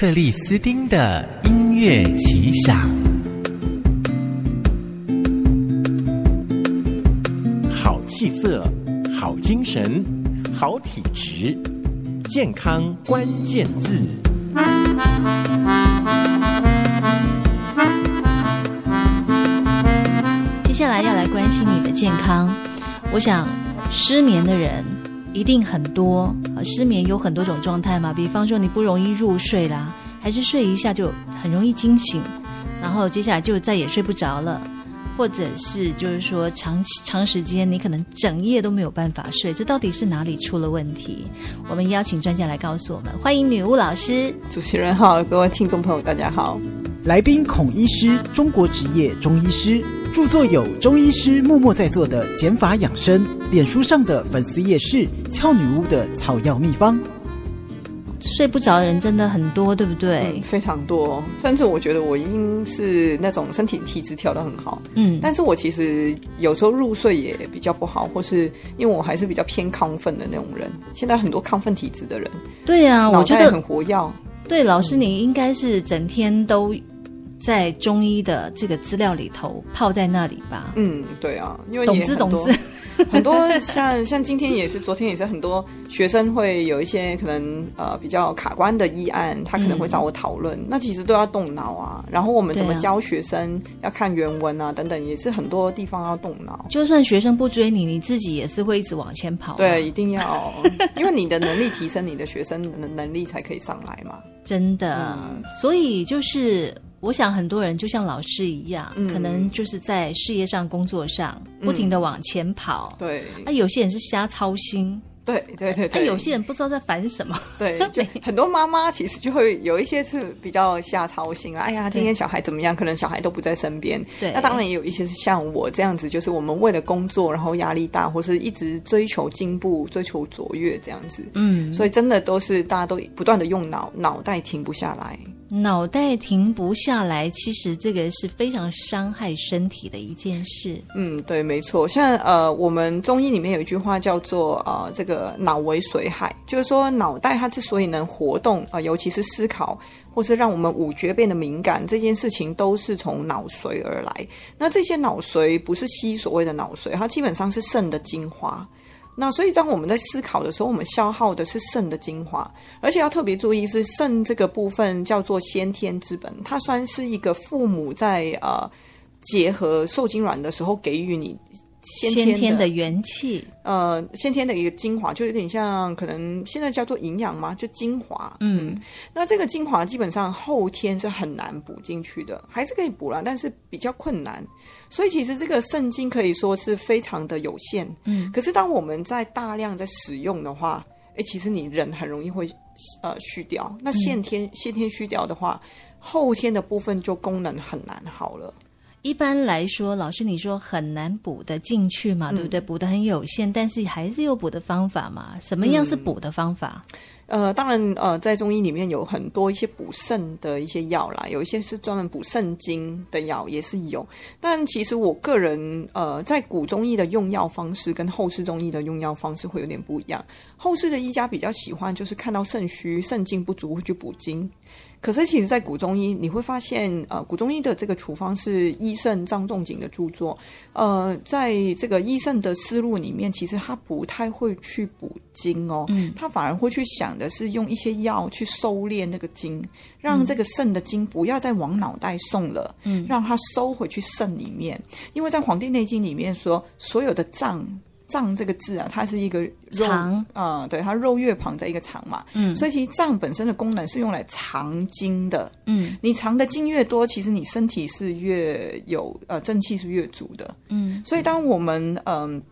克里斯丁的音樂奇想，好氣色，好精神，好體質，健康關鍵字。接下來要來關心你的健康，我想失眠的人一定很多。失眠有很多種狀態嘛，比方說你不容易入睡啦，還是睡一下就很容易驚醒，然後接下來就再也睡不着了，或者是就是說長期長時間你可能整夜都沒有辦法睡，這到底是哪裡出了問題？我們邀請專家來告訴我們，歡迎女巫老師。主持人好，各位聽眾朋友大家好，來賓孔醫師，中國職業中醫師。著作有中醫師默默在做的減法養生，臉書上的粉絲頁是，俏女巫的草藥秘方。睡不着的人真的很多，對不對、嗯？非常多，甚至我覺得我應是那種身體體質調的很好。嗯，但是我其實有時候入睡也比較不好，或是因為我還是比較偏亢奮的那種人。現在很多亢奮體質的人，對呀、啊，我覺得很活躍。對，老師，你應該是整天都。嗯在中醫的這個資料裡頭泡在那裡吧。嗯，對啊，因為你懂知，懂知很多，像像今天也是，昨天也是，很多學生會有一些可能呃比較卡關的議案，他可能會找我討論。嗯、那其實都要動腦啊。然後我們怎麼教學生要看原文啊，啊等等，也是很多地方要動腦。就算學生不追你，你自己也是會一直往前跑。對，一定要，因為你的能力提升，你的學生能能力才可以上來嘛。真的，嗯、所以就是。我想很多人就像老師一樣，嗯、可能就是在事業上，工作上、嗯、不停的往前跑。對，那，啊、有些人是瞎操心，對，對對對，那，啊、有些人不知道在煩什麼？對，就很多媽媽其實就會有一些是比較瞎操心啊， 哎呀，今天小孩怎麼樣？嗯、可能小孩都不在身邊。對，那當然也有一些是像我這樣子，就是我們為了工作，然後壓力大，或是一直追求進步，追求卓越這樣子。嗯，所以真的都是大家都不斷的用腦，腦袋停不下來。腦袋停不下來，其實這個是非常傷害身體的一件事。嗯，對，沒錯。像呃，我們中醫裡面有一句話叫做“呃，這個腦為髓海”，就是說腦袋它之所以能活動啊，呃，尤其是思考，或是讓我們五覺變得敏感，這件事情都是從腦髓而來。那這些腦髓不是西醫所謂的腦髓，它基本上是腎的精華。那所以，當我們在思考的時候，我們消耗的是腎的精華，而且要特別注意，是腎這個部分叫做先天之本，它雖然是一個父母在呃結合受精卵的時候給予你。先天，先天的元氣，呃，先天的一個精華，就有點像可能現在叫做營養嘛，就精華。嗯，那這個精華基本上後天是很難補進去的，還是可以補啦，但是比較困難。所以其實這個腎精可以說是非常的有限。嗯，可是當我們在大量在使用的話，哎，其實你人很容易會呃虛掉。那先天、嗯、先天虛掉的話，後天的部分就功能很難好了。一般來說，老師你說很難補得進去嘛，對不對？嗯，補得很有限，但是還是有補的方法嘛。什麼樣是補的方法？嗯。呃，當然，呃，在中醫裡面有很多一些補腎的一些藥啦，有一些是專門補腎精的藥也是有。但其實我個人，呃，在古中醫的用藥方式跟後世中醫的用藥方式會有點不一樣。後世的醫家比較喜歡就是看到腎虛、腎精不足就補精。可是，其實，在古中醫你會發現，呃，古中醫的這個處方是醫聖張仲景的著作。呃，在這個醫聖的思路裡面，其實他不太會去補精哦，嗯、他反而會去想的是用一些藥去收斂那個精，讓這個腎的精不要再往腦袋送了，嗯、讓它收回去腎裡面。因為在《黃帝內經》裡面說，所有的臟。臟這個字啊，它是一個肉，長嗯，對，它肉月旁在一個“藏”嘛，嗯，所以其實臟本身的功能是用來藏精的，嗯，你藏的精越多，其實你身體是越有呃正氣是越足的，嗯，所以當我們嗯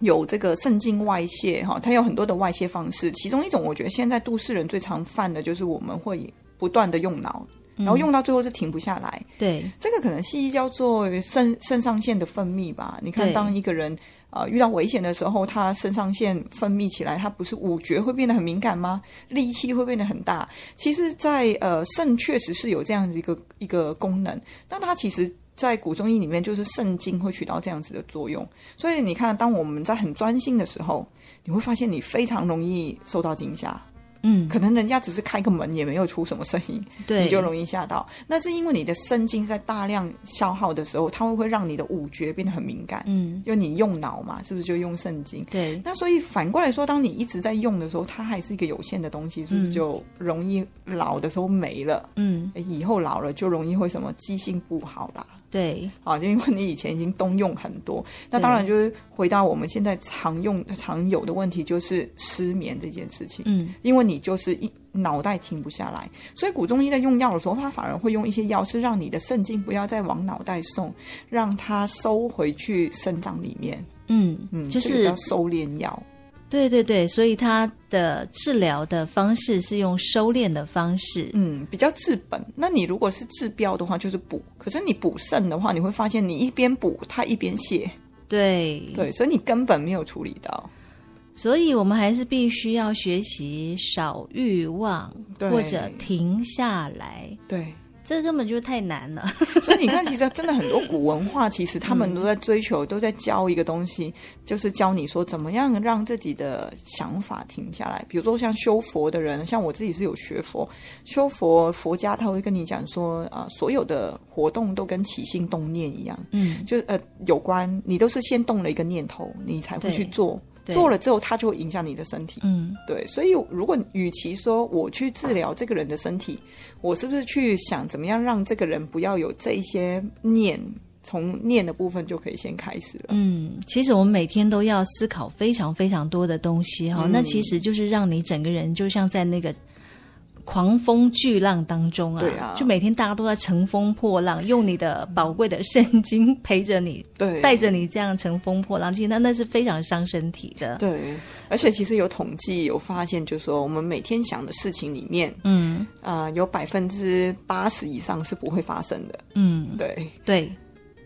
有這個腎精外泄哈，它有很多的外泄方式，其中一種我覺得現在都市人最常犯的就是我們會不斷的用腦，然後用到最後是停不下來，嗯、對，這個可能西醫叫做腎腎上腺的分泌吧，你看當一個人。啊，遇到危險的時候，它腎上腺分泌起來，它不是五覺會變得很敏感嗎？力氣會變得很大。其實在，在呃腎確實是有這樣子一個一個功能，但它其實，在古中醫裡面就是腎經會起到這樣子的作用。所以你看，當我們在很專心的時候，你會發現你非常容易受到驚嚇。嗯，可能人家只是開個門，也沒有出什麼聲音，對你就容易嚇到。那是因為你的腎經在大量消耗的時候，它會會讓你的五覺變得很敏感。嗯，因為你用腦嘛，是不是就用腎經？對。那所以反過來說，當你一直在用的時候，它還是一個有限的東西，是不是就容易老的時候沒了？嗯，以後老了就容易會什麼記性不好啦。對，好，就因為你以前已經動用很多，那當然就是回到我們現在常用、常有的問題，就是失眠這件事情。嗯，因為你就是一腦袋停不下來，所以古中醫在用藥的時候，他反而會用一些藥是讓你的腎經不要再往腦袋送，讓它收回去腎臟裡面。嗯嗯，嗯就是叫收斂藥。對對對，所以他的治療的方式是用收斂的方式，嗯，比較治本。那你如果是治標的話，就是補。可是你補腎的話，你會發現你一邊補，他一邊瀉。對對，所以你根本沒有處理到。所以我們還是必須要學習少欲望，對或者停下來。對。這根本就太難了， 所以你看，其實真的很多古文化，其實他們都在追求，嗯、都在教一個東西，就是教你說怎麼樣讓自己的想法停下來。比如說像修佛的人，像我自己是有學佛，修佛佛家他會跟你講說，啊、呃，所有的活動都跟起心動念一樣，嗯，就呃有關，你都是先動了一個念頭，你才會去做。對做了之後，它就會影響你的身體。嗯，對，所以如果與其說我去治療這個人的身體，啊、我是不是去想怎麼樣讓這個人不要有這一些念，從念的部分就可以先開始了。嗯，其實我們每天都要思考非常非常多的東西哈，哦嗯、那其實就是讓你整個人就像在那個。狂風巨浪當中啊，對啊，就每天大家都在乘風破浪，用你的寶貴的聖經陪着你，對，帶着你這樣乘風破浪，其實那那是非常傷身體的。對，而且其實有統計，所以有發現，就是說我們每天想的事情裡面，嗯啊、呃，有百分之八十以上是不會發生的。嗯，對對，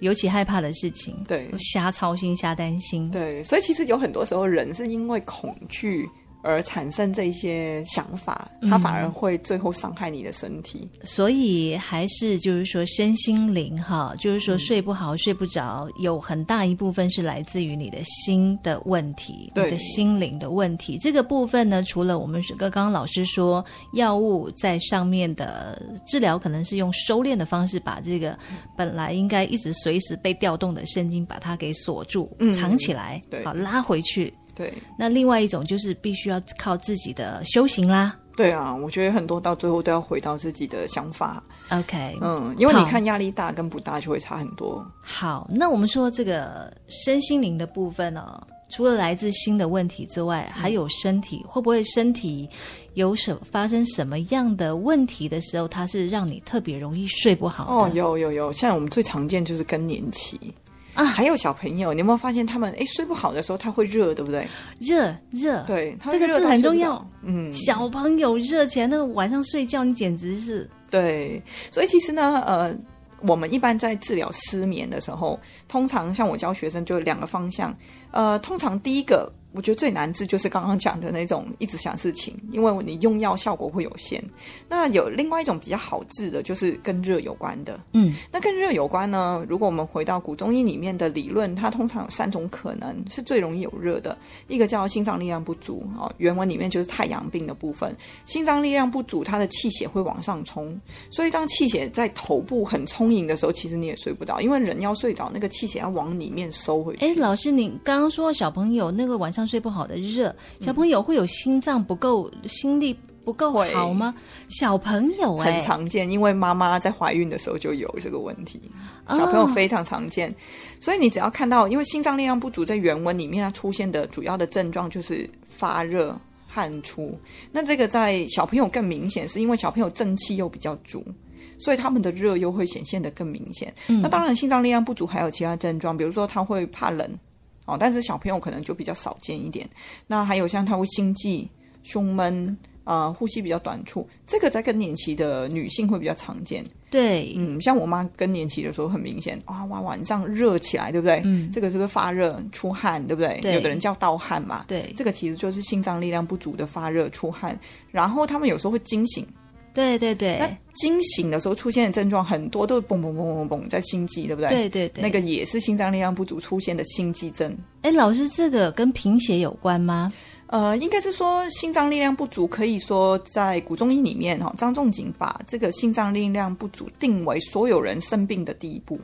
尤其害怕的事情，對，瞎操心，瞎擔心，對，所以其實有很多時候人是因為恐懼。而產生這些想法，它反而會最後傷害你的身體、嗯。所以還是就是說身心靈哈，就是說睡不好、嗯、睡不着，有很大一部分是來自於你的心的問題，對你的心靈的問題。這個部分呢，除了我們剛剛老師說藥物在上面的治療，可能是用收斂的方式，把這個本來應該一直隨時被調動的神經，把它給鎖住、嗯、藏起來，對好拉回去。對，那另外一種就是必須要靠自己的修行啦。對啊，我覺得很多到最後都要回到自己的想法。OK，嗯，因為你看壓力大跟不大就會差很多。好。好，那我們說這個身心靈的部分哦，除了來自心的問題之外，還有身體、嗯、會不會身體有什麼發生什麼樣的問題的時候，它是讓你特別容易睡不好的？哦，有有有，現在我們最常見就是更年期。啊，還有小朋友，你有沒有發現他們？哎、欸，睡不好的時候他會熱，對不對？熱熱，對，他這個字很重要。嗯，小朋友熱起來，那個、晚上睡覺你簡直是……對，所以其實呢，呃，我們一般在治療失眠的時候，通常像我教學生，就有兩個方向。呃，通常第一個。我覺得最難治就是剛剛講的那種一直想事情，因為你用藥效果會有限。那有另外一種比較好治的，就是跟熱有關的。嗯，那跟熱有關呢？如果我們回到古中醫裡面的理論，它通常有三種可能是最容易有熱的，一個叫心臟力量不足哦，原文裡面就是太陽病的部分，心臟力量不足，它的氣血會往上衝，所以當氣血在頭部很充盈的時候，其實你也睡不着，因為人要睡着，那個氣血要往裡面收回去。哎，老師，你剛剛說小朋友那個晚上。睡不好的熱，小朋友會有心臟不夠、嗯、心力不夠好嗎？會小朋友、欸，很常見，因為媽媽在懷孕的時候就有這個問題，小朋友非常常見。啊、所以你只要看到，因為心臟力量不足，在原文裡面它出現的主要的症狀就是發熱、汗出。那這個在小朋友更明顯，是因為小朋友正氣又比較足，所以他們的熱又會顯現得更明顯。嗯、那當然，心臟力量不足還有其他症狀，比如說他會怕冷。哦，但是小朋友可能就比較少見一點。那還有像他會心悸、胸悶啊、呃，呼吸比較短促，這個在更年期的女性會比較常見。對，嗯，像我媽更年期的時候很明顯、哦，哇哇晚上熱起來，對不對？嗯，這個是不是發熱出汗，對不對？對，有的人叫盜汗嘛。對，這個其實就是心臟力量不足的發熱出汗，然後他們有時候會驚醒。對對對，驚醒的時候出現的症狀很多都是嘣嘣嘣嘣嘣，在心肌，對不對？對對對，那個也是心臟力量不足出現的心肌症。哎，老師，這個跟貧血有關嗎？呃，應該是說心臟力量不足，可以說在古中醫裡面哈，張仲景把這個心臟力量不足定為所有人生病的第一步。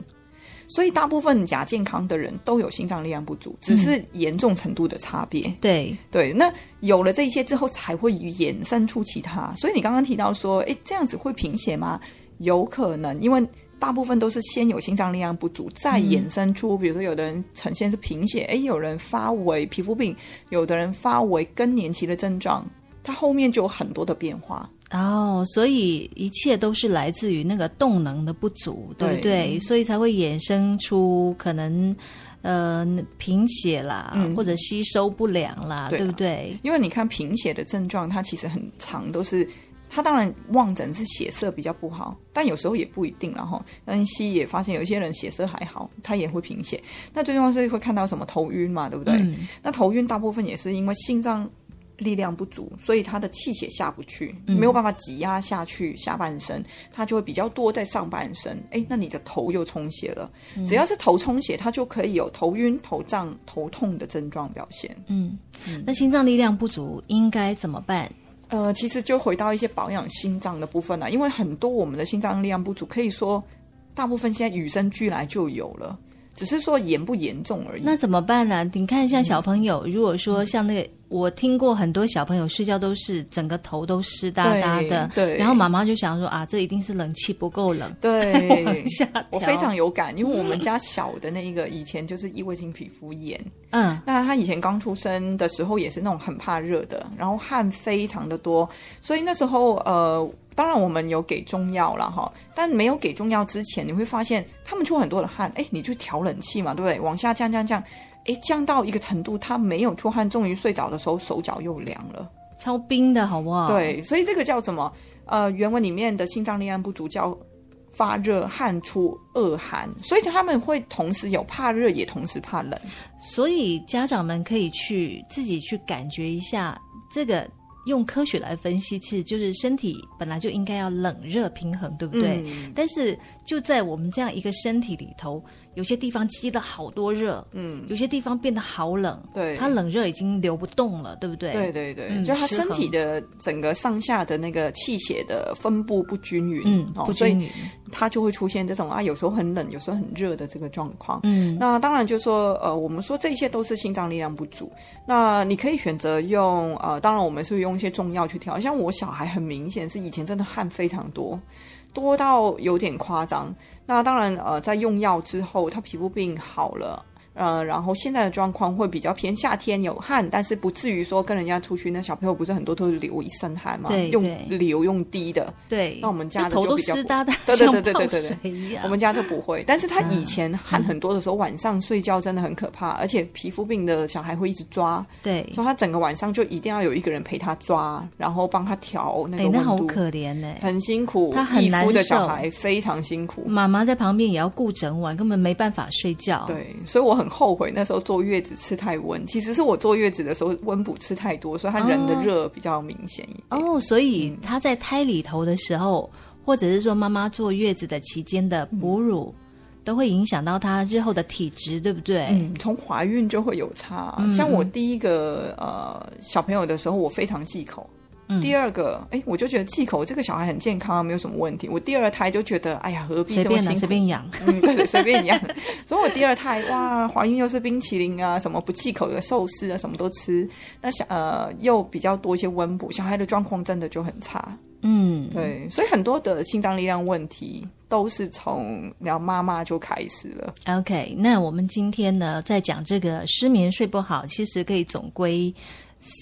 所以大部分亞健康的人都有心臟力量不足，只是嚴重程度的差別，嗯。對對，那有了這一些之後，才會衍生出其他。所以你剛剛提到說，哎，這樣子會貧血嗎？有可能，因為大部分都是先有心臟力量不足，再衍生出，嗯、比如說有的人呈現是貧血，哎，有人發為皮膚病，有的人發為更年期的症狀，它後面就有很多的變化。然後，oh, 所以一切都是來自於那個動能的不足，對不對？對，所以才會衍生出可能，呃，貧血啦，嗯、或者吸收不良啦，對，了對不對？因為你看貧血的症狀，它其實很常都是，它當然望診是血色比較不好，但有時候也不一定然哈。恩熙也發現有些人血色還好，他也會貧血。那最重要是會看到什麼頭暈嘛，對不對？嗯、那頭暈大部分也是因為心臟。力量不足，所以他的氣血下不去，沒有辦法擠壓下去，嗯、下半身，他就會比較多在上半身。誒，那你的頭又充血了。嗯、只要是頭充血，他就可以有頭暈、頭脹、頭痛的症狀表現。嗯，嗯嗯，那心臟力量不足應該怎麼辦？呃，其實就回到一些保養心臟的部分了，啊，因為很多我們的心臟力量不足，可以說大部分現在與生俱來就有了。只是說嚴不嚴重而已。那怎麼辦呢、啊？你看一下小朋友，嗯、如果說像那個，嗯、我聽過很多小朋友睡覺都是整個頭都是濕噠噠的對，對。然後媽媽就想說啊，這一定是冷氣不夠冷。對，我非常有感，因為我們家小的那一個以前就是異位性皮膚炎。嗯。那他以前剛出生的時候也是那種很怕熱的，然後汗非常的多，所以那時候呃。當然，我們有給中藥了哈，但沒有給中藥之前，你會發現他們出很多的汗，哎，你就調冷氣嘛，對不對？往下降降降，哎，降到一個程度，他沒有出汗，終於睡着的時候，手腳又涼了，超冰的好不好？對，所以這個叫什麼？呃，原文裡面的心臟力量不足叫發熱汗出惡寒，所以他們會同時有怕熱，也同時怕冷。所以家長們可以去自己去感覺一下這個。用科學來分析，其實就是身體本來就應該要冷熱平衡，對不對？嗯、但是就在我們這樣一個身體裡頭。有些地方積了好多熱，嗯，有些地方變得好冷，對，它冷熱已經流不動了，對不對？對對對，嗯、就他身體的整個上下的那個氣血的分布不均勻，嗯，不均勻，他、哦、所以就會出現這種啊，有時候很冷，有時候很熱的這個狀況。嗯，那當然就是說，呃，我們說這些都是心臟力量不足。那你可以選擇用，呃，當然我們是用一些中藥去調。像我小孩很明顯是以前真的汗非常多，多到有點誇張。那當然，呃，在用藥之後，他皮膚病好了。嗯、呃，然後現在的狀況會比較偏夏天有汗，但是不至於說跟人家出去，那小朋友不是很多都流一身汗嘛，對對，用流用滴的。對，那我們家的就比較就濕噠噠，對對對、對、對、對對對，我們家就不會，但是他以前汗很多的時候，嗯、晚上睡覺真的很可怕，而且皮膚病的小孩會一直抓，對，所以他整個晚上就一定要有一個人陪他抓，然後幫他調那個溫度，欸、那好可憐哎、欸，很辛苦，他很難的小孩非常辛苦，媽媽在旁邊也要顧整晚，根本沒辦法睡覺。對，所以我很。很後悔那時候坐月子吃太溫，其實是我坐月子的時候溫補吃太多，所以他人的熱比較明顯一點。啊、哦，所以他在胎裡頭的時候，嗯、或者是說媽媽坐月子的期間的哺乳，嗯、都會影響到他日後的體質，對不對？嗯，從懷孕就會有差。像我第一個、嗯、呃小朋友的時候，我非常忌口。第二個，哎、欸，我就覺得忌口這個小孩很健康，啊，沒有什麼問題。我第二胎就覺得，哎呀，何必這麼辛苦？隨便、啊、隨便養，對、嗯、對，隨便養。 所以，我第二胎哇，懷孕又是冰淇淋啊，什麼不忌口的壽司啊，什麼都吃。那小呃，又比較多一些溫補，小孩的狀況真的就很差。嗯，對，所以很多的心臟力量問題都是從聊媽媽就開始了。OK，那我們今天呢，在講這個失眠睡不好，其實可以總歸。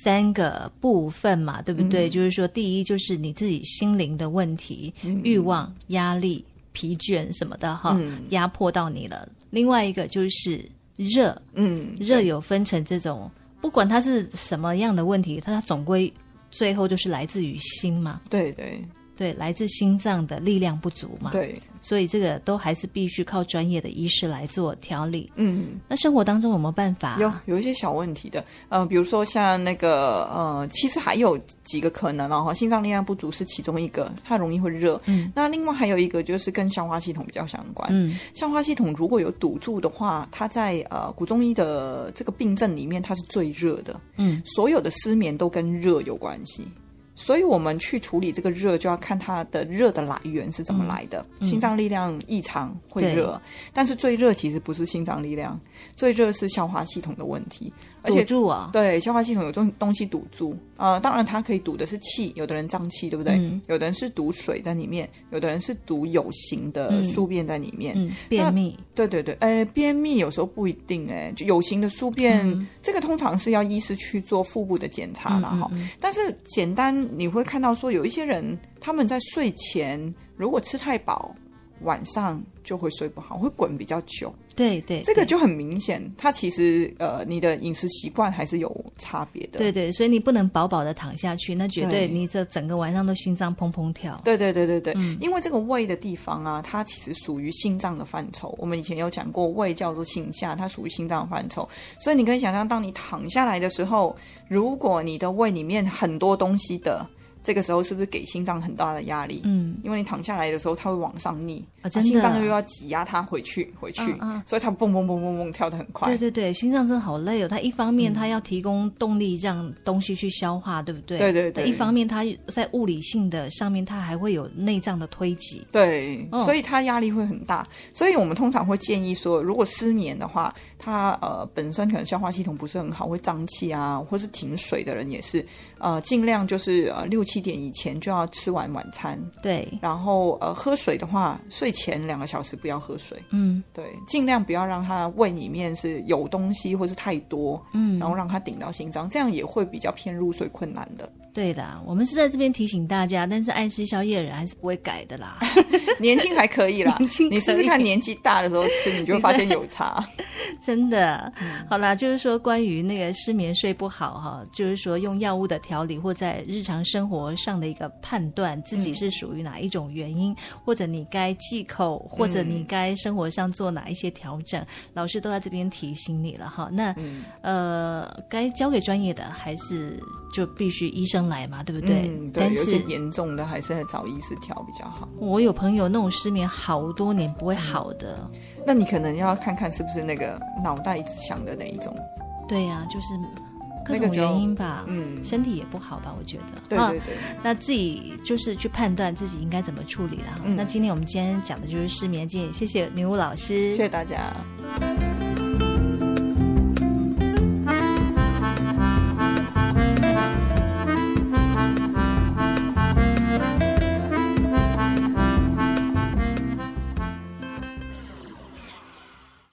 三個部分嘛，對不對？嗯，就是說，第一就是你自己心靈的問題，嗯，欲望、壓力、疲倦什麼的，哈，嗯，壓迫到你了。另外一個就是熱，嗯，熱有分成這種，對不管它是什麼樣的問題，它總歸最後就是來自於心嘛，對對。對，來自心臟的力量不足嘛，對，所以這個都還是必須靠專業的醫師來做調理。嗯，那生活當中有沒有辦法？啊？有，有一些小問題的。呃，比如說像那個呃，其實還有幾個可能然，哦，哈，心臟力量不足是其中一個，它容易會熱。嗯，那另外還有一個就是跟消化系統比較相關。嗯，消化系統如果有堵住的話，它在呃古中醫的這個病症裡面，它是最熱的。嗯，所有的失眠都跟熱有關係。所以，我們去處理這個熱，就要看它的熱的來源是怎麼來的。嗯、心臟力量異常會熱，對但是最熱其實不是心臟力量，最熱是消化系統的問題。而且堵住啊！對，消化系統有種東西堵住啊、呃，當然它可以堵的是氣，有的人脹氣，對不對？嗯、有的人是堵水在裡面，有的人是堵有形的宿便在裡面。嗯嗯、便秘，對對對，誒便秘有時候不一定誒就有形的宿便，嗯、這個通常是要醫師去做腹部的檢查啦哈。嗯嗯嗯，但是簡單你會看到說，有一些人他們在睡前如果吃太飽，晚上就會睡不好，會滾比較久。對對，對，這個就很明顯。它其實呃，你的飲食習慣還是有差別的。對對，所以你不能飽飽的躺下去，那絕對你這整個晚上都心臟砰砰跳。對對對對對，嗯，因為這個胃的地方啊，它其實屬於心臟的範疇。我們以前有講過，胃叫做心下，它屬於心臟的範疇。所以你可以想象，當你躺下來的時候，如果你的胃裡面很多東西的，這個時候是不是給心臟很大的壓力？嗯，因為你躺下來的時候，它會往上逆。啊，真的心臟又要擠壓他回去，回去，啊啊、所以他蹦蹦蹦蹦蹦跳得很快。對對對，心臟真的好累哦。他一方面他要提供動力讓東西去消化，嗯、對不對？對對對。一方面他在物理性的上面，他還會有內臟的推擠。對，哦、所以他壓力會很大。所以我們通常會建議說，如果失眠的話，他呃本身可能消化系統不是很好，會脹氣啊，或是停水的人也是，呃，盡量就是呃六七點以前就要吃完晚餐。對，然後呃喝水的話，睡。前兩個小時不要喝水，嗯，對，盡量不要讓他胃裡面是有東西或是太多，嗯，然後讓他頂到心臟，這樣也會比較偏入睡困難的。對的，我們是在這邊提醒大家，但是愛吃宵夜的人還是不會改的啦。 年輕還可以啦，以你試試看年紀大的時候吃，你就會發現有差。你在 真的好啦，就是說關於那個失眠睡不好哈，就是說用藥物的調理或在日常生活上的一個判斷，自己是屬於哪一種原因，嗯、或者你該忌口，或者你該生活上做哪一些調整，嗯、老師都在這邊提醒你了哈。那、嗯、呃，該交給專業的還是就必須醫生來嘛，對不對？嗯，對，但是嚴重的還是要找醫師調比較好。我有朋友那種失眠好多年不會好的。嗯那，你可能要看看是不是那個腦袋一直想的那一種，對呀、啊，就是各種原因吧，嗯，身體也不好吧，我覺得，對對對、啊，那自己就是去判斷自己應該怎麼處理了、嗯、那今天我們今天講的就是失眠建議，謝謝女巫老師，謝謝大家。